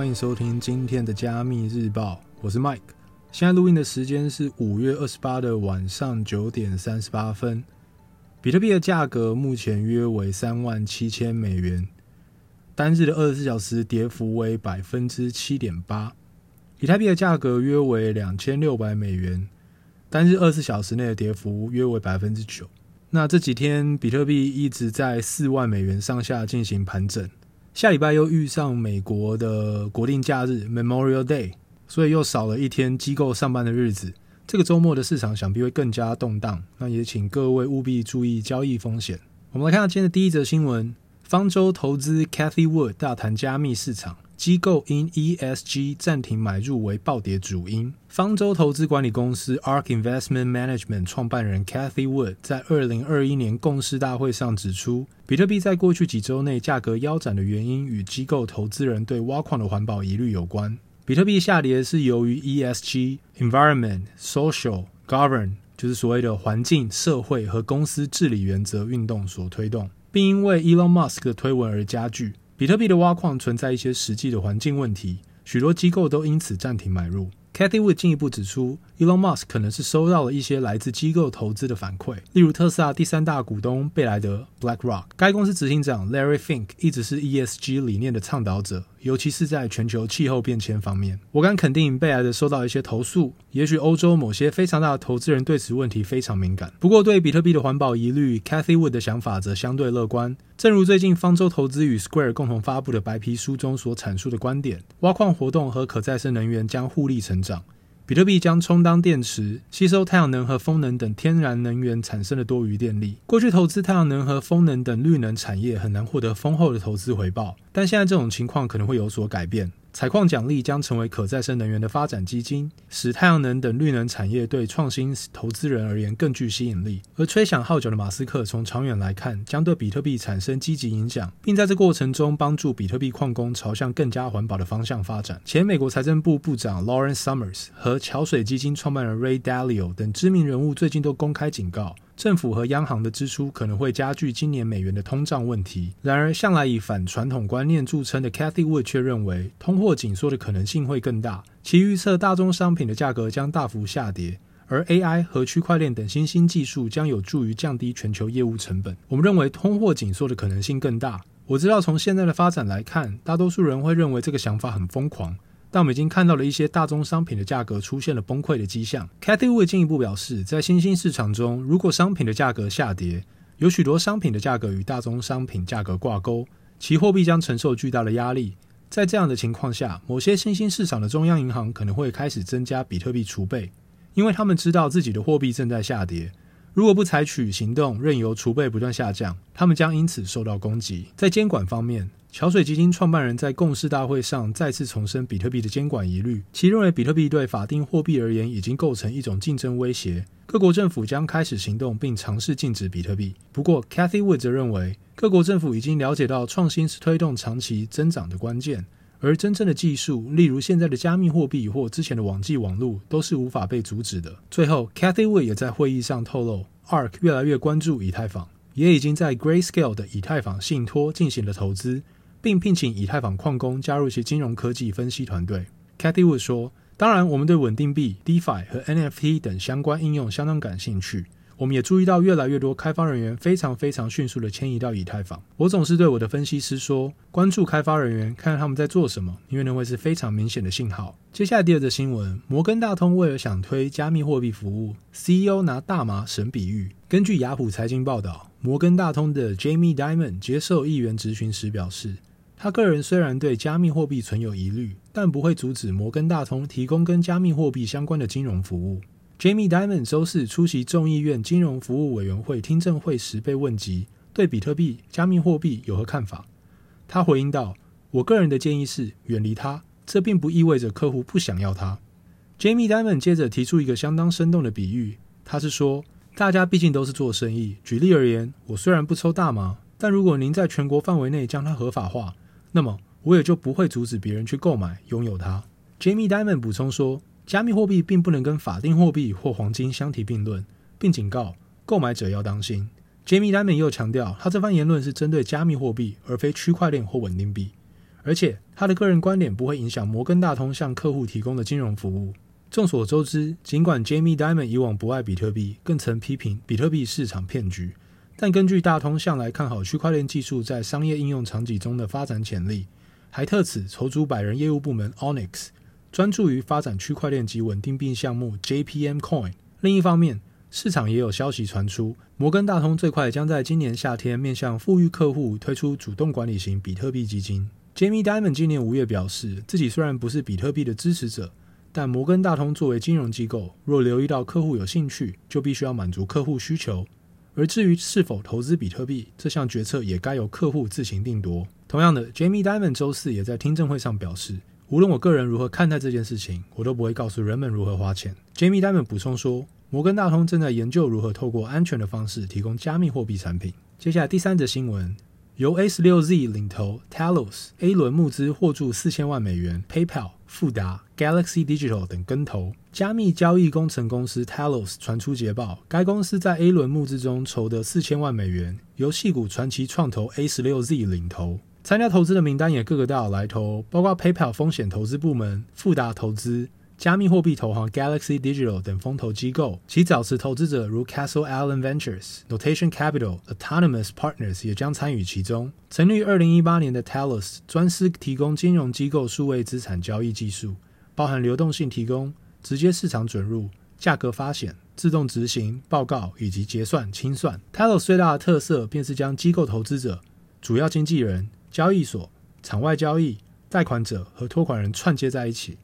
歡迎收聽今天的加密日報，我是 Mike。現在錄音的時間是五月二十八的晚上九點三十八分。比特幣的價格目前約為三萬七千美元，單日的二十四小時跌幅為百分之七點八。以太幣的價格約為兩千六百美元，單日二十四小時內的跌幅約為百分之九。那這幾天比特幣一直在四萬美元上下進行盤整。下禮拜又遇上美國的國定假日 Memorial Day，所以又少了一天機構上班的日子。這個周末的市場想必會更加動盪，那也請各位務必注意交易風險。我們來看看今天的第一則新聞：方舟投資 Cathie Wood 大談加密市場。機構因 ESG 暫停買入為暴跌主因。方舟投資管理公司 Ark Investment Management 創辦人 Kathy Wood 在2021年共事大會上指出，比特幣在過去幾周內價格腰斬的原因與機構投資人對挖礦的環保疑慮有關。比特幣下跌是由於 ESG（Environment, Social, g o v e r n n 就是所謂的環境、社會和公司治理原則運動所推動，並因為 Elon Musk 的推文而加劇。比特幣的挖礦存在一些實際的環境問題，許多機構都因此暫停買入。Cathie Wood 進一步指出，Elon Musk 可能是收到了一些來自機構投資的反饋，例如特斯拉第三大股東貝萊德 （BlackRock）。該公司執行長 Larry Fink 一直是 ESG 理念的倡導者。尤其是在全球氣候變遷方面，我敢肯定，貝萊德收到一些投訴。也許歐洲某些非常大的投資人對此問題非常敏感。不過，對比特幣的環保疑慮，Cathie Wood 的想法則相對樂觀。正如最近方舟投資與 Square 共同發布的白皮書中所闡述的觀點，挖礦活動和可再生能源將互利成長。比特幣將充當電池，吸收太陽能和風能等天然能源產生的多餘電力。過去投資太陽能和風能等綠能產業很難獲得豐厚的投資回報，但現在這種情況可能會有所改變。採礦獎勵將成為可再生能源的發展基金，使太陽能等綠能產業對創新投資人而言更具吸引力。而吹響號角的馬斯克，從長遠來看，將對比特幣產生積極影響，並在這過程中幫助比特幣礦工朝向更加環保的方向發展。前美國財政部部長 Lawrence Summers 和橋水基金創辦人 Ray Dalio 等知名人物最近都公開警告。政府和央行的支出可能會加劇今年美元的通脹問題。然而，向來以反傳統觀念著稱的 Cathie Wood 卻認為，通貨緊縮的可能性會更大。其預測大宗商品的價格將大幅下跌，而 AI 和區塊鏈等新興技術將有助於降低全球業務成本。我們認為通貨緊縮的可能性更大。我知道，從現在的發展來看，大多數人會認為這個想法很瘋狂。但我們已經看到了一些大宗商品的價格出現了崩潰的跡象。Cathie Wood 進一步表示，在新興市場中，如果商品的價格下跌，有許多商品的價格與大宗商品價格掛鈎，其貨幣將承受巨大的壓力。在這樣的情況下，某些新興市場的中央銀行可能會開始增加比特幣儲備，因為他們知道自己的貨幣正在下跌。如果不採取行動，任由儲備不斷下降，他們將因此受到攻擊。在監管方面，橋水基金創辦人在共識大會上再次重申比特幣的監管疑慮，其認為比特幣對法定貨幣而言已經構成一種競爭威脅，各國政府將開始行動並嘗試禁止比特幣。不過，Cathie Wood 則認為，各國政府已經了解到創新是推動長期增長的關鍵。而真正的技術，例如現在的加密貨幣或之前的網際網絡，都是無法被阻止的。最後，Cathy Wood 也在會議上透露 Ark 越來越關注以太坊，也已經在 Grayscale 的以太坊信托進行了投資，並聘請以太坊礦工加入其金融科技分析團隊。Cathy Wood 說：“當然，我們對穩定幣、DeFi 和 NFT 等相關應用相當感興趣。”我們也注意到越來越多開發人員非常非常迅速地遷移到以太坊。我總是對我的分析師說，關注開發人員，看他們在做什麼，因為那會是非常明顯的信號。接下來第二則新聞，摩根大通為了想推加密貨幣服務，CEO 拿大麻神比喻。根據雅虎財經報道，摩根大通的 Jamie Dimon 接受議員質詢時表示，他個人雖然對加密貨幣存有疑慮，但不會阻止摩根大通提供跟加密貨幣相關的金融服務。Jamie Dimon a d 週四出席眾議院金融服務委員會聽證會時被問及對比特幣、加密貨幣有何看法，他回應道：“我個人的建議是遠離它。這並不意味着客戶不想要它。” Jamie Dimon a d 接着提出一個相當生動的比喻，他是說：“大家畢竟都是做生意。舉例而言，我雖然不抽大麻，但如果您在全國範圍內將它合法化，那麼我也就不會阻止別人去購買、擁有它。” Jamie Dimon a d 補充說。加密貨幣並不能跟法定貨幣或黃金相提並論，並警告購買者要當心。Jamie Dimon 又強調，他這番言論是針對加密貨幣，而非區塊鏈或穩定幣，而且他的個人觀點不會影響摩根大通向客戶提供的金融服務。眾所周知，儘管 Jamie Dimon 以往不愛比特幣，更曾批評比特幣市場騙局，但根據大通向來看好區塊鏈技術在商業應用場景中的發展潛力，還特此籌組百人業務部門 Onyx。專注於發展區塊鏈及穩定幣項目 JPM Coin。另一方面，市場也有消息傳出，摩根大通最快將在今年夏天面向富裕客戶推出主動管理型比特幣基金。Jamie Dimon 今年五月表示，自己雖然不是比特幣的支持者，但摩根大通作為金融機構，若留意到客戶有興趣，就必須要滿足客戶需求。而至於是否投資比特幣，這項決策也該由客戶自行定奪。同樣的，Jamie Dimon 周四也在聽證會上表示。無論我個人如何看待這件事情，我都不會告訴人們如何花錢。Jamie Dimon 補充說，摩根大通正在研究如何透過安全的方式提供加密貨幣產品。接下來，第三則新聞由 A 十六 Z 領投，Talos A 輪募資獲注四千萬美元，PayPal、富達、Galaxy Digital 等跟投。加密交易工程公司 Talos 傳出捷報，該公司在 A 輪募資中籌得四千萬美元，由矽谷傳奇創投 A 十六 Z 領投。參加投資的名單也各個大有來頭，包括 PayPal 風險投資部門、富達投資、加密貨幣投行 Galaxy Digital 等風投機構。其早期投資者如 Castle Allen Ventures、Notation Capital、Autonomous Partners 也將參與其中。成立於二零一八年的 Talos 專司提供金融機構數位資產交易技術，包含流動性提供、直接市場準入、價格發現、自動執行、報告以及結算清算。Talos 最大的特色便是將機構投資者、主要經紀人、交易所、場外交易、貸款者和托管人串接在一起。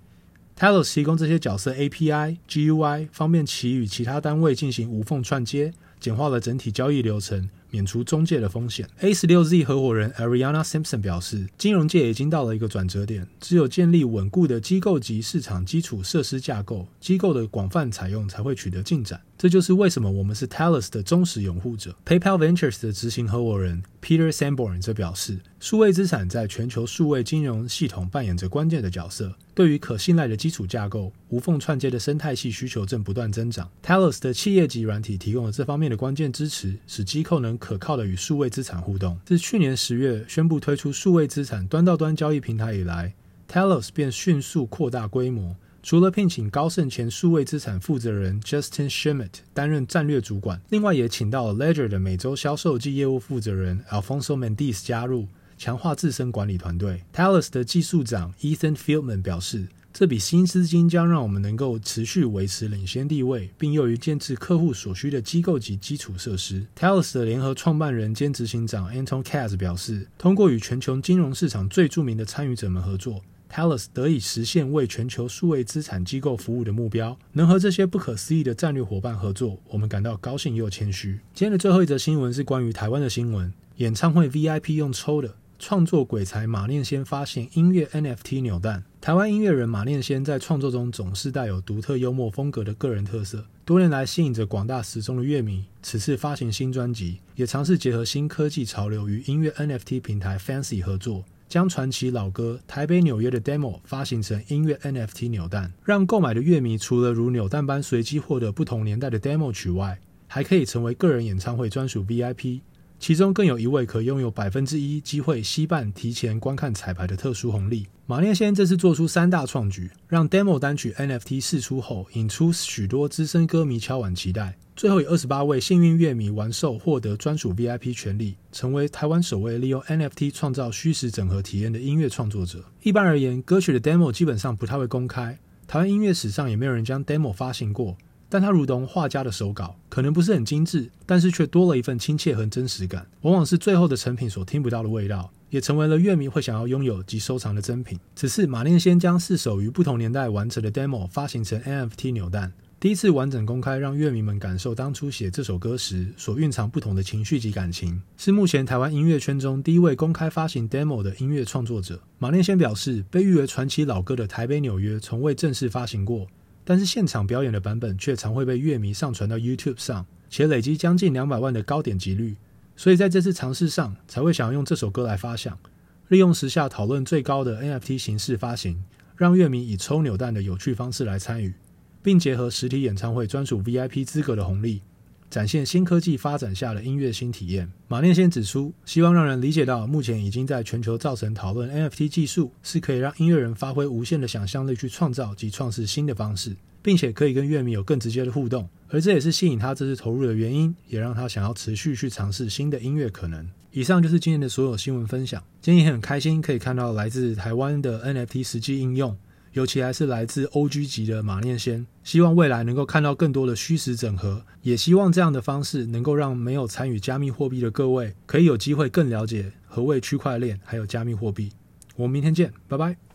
Talos 提供這些角色 API、GUI，方便其與其他單位進行無縫串接。簡化了整體交易流程，免除中介的風險。a16z 合夥人 Ariana Simpson 表示：“金融界已經到了一個轉折點，只有建立穩固的機構級市場基礎設施架構，機構的廣泛採用才會取得進展。”這就是為什麼我們是 Talos 的忠實擁護者。PayPal Ventures 的執行合夥人 Peter Samborn 則表示：“數位資產在全球數位金融系統扮演着關鍵的角色，對於可信賴的基礎架構、無縫串接的生態系需求正不斷增長。Talos 的企業級軟體提供了這方面。”的關鍵支持，使機構能可靠地與數位資產互動。自去年十月宣布推出數位資產端到端交易平台以來，Talos 便迅速擴大規模。除了聘請高盛前數位資產負責人 Justin Schmidt 擔任戰略主管，另外也請到了 Ledger 的美洲銷售及業務負責人 Alfonso Mendez 加入，強化自身管理團隊。Talos 的技術長 Ethan Feldman i 表示。這筆新資金將讓我們能夠持續維持領先地位，並用於建制客戶所需的機構級基礎設施。Talos 的聯合創辦人兼執行長 Anton Katz 表示：“通過與全球金融市場最著名的參與者們合作，Talos 得以實現為全球數位資產機構服務的目標。能和這些不可思議的戰略伙伴合作，我們感到高興又謙虛。”今天的最後一則新聞是關於台灣的新聞。演唱會 VIP 用抽的。創作鬼才馬念先發行音樂 NFT 扭蛋。台灣音樂人馬念先在創作中總是帶有獨特幽默風格的個人特色，多年來吸引着廣大死忠的樂迷。此次發行新專輯，也嘗試結合新科技潮流與音樂 NFT 平台 Fancy 合作，將傳奇老歌《台北紐約》的 Demo 發行成音樂 NFT 扭蛋，讓購買的樂迷除了如扭蛋般隨機獲得不同年代的 Demo 曲外，還可以成為個人演唱會專屬 VIP。其中更有一位可擁有百分之一機會惜辦提前觀看彩排的特殊紅利。馬念先這次做出三大創舉，讓 Demo 單曲 NFT 釋出後，引出許多資深歌迷敲碗期待。最後以二十八位幸運樂迷完售，獲得專屬 VIP 權利，成為台灣首位利用 NFT 創造虛實整合體驗的音樂創作者。一般而言，歌曲的 Demo 基本上不太會公開，台灣音樂史上也沒有人將 Demo 發行過。但它如同畫家的手稿，可能不是很精緻，但是卻多了一份親切和真實感，往往是最後的成品所聽不到的味道，也成為了樂迷會想要擁有及收藏的珍品。此次馬念先將四首於不同年代完成的 demo 發行成 NFT 扭蛋，第一次完整公開，讓樂迷們感受當初寫這首歌時所蘊藏不同的情緒及感情，是目前台灣音樂圈中第一位公開發行 demo 的音樂創作者。馬念先表示，被譽為傳奇老歌的《台北紐約》從未正式發行過。但是現場表演的版本卻常會被樂迷上傳到 YouTube 上，且累積將近兩百萬的高點擊率，所以在這次嘗試上才會想要用這首歌來發想，利用時下討論最高的 NFT 形式發行，讓樂迷以抽扭蛋的有趣方式來參與，並結合實體演唱會專屬 VIP 資格的紅利。展現新科技發展下的音樂新體驗。馬念先指出，希望讓人理解到，目前已經在全球造成討論，NFT 技術是可以讓音樂人發揮無限的想象力去創造及創世新的方式，並且可以跟樂迷有更直接的互動。而這也是吸引他這次投入的原因，也讓他想要持續去嘗試新的音樂可能。以上就是今天的所有新聞分享。今天也很開心可以看到來自台灣的 NFT 實際應用。尤其還是來自 OG 級的馬念先，希望未來能夠看到更多的虛實整合，也希望這樣的方式能夠讓沒有參與加密貨幣的各位可以有機會更了解何謂區塊鏈，還有加密貨幣。我們明天見，拜拜。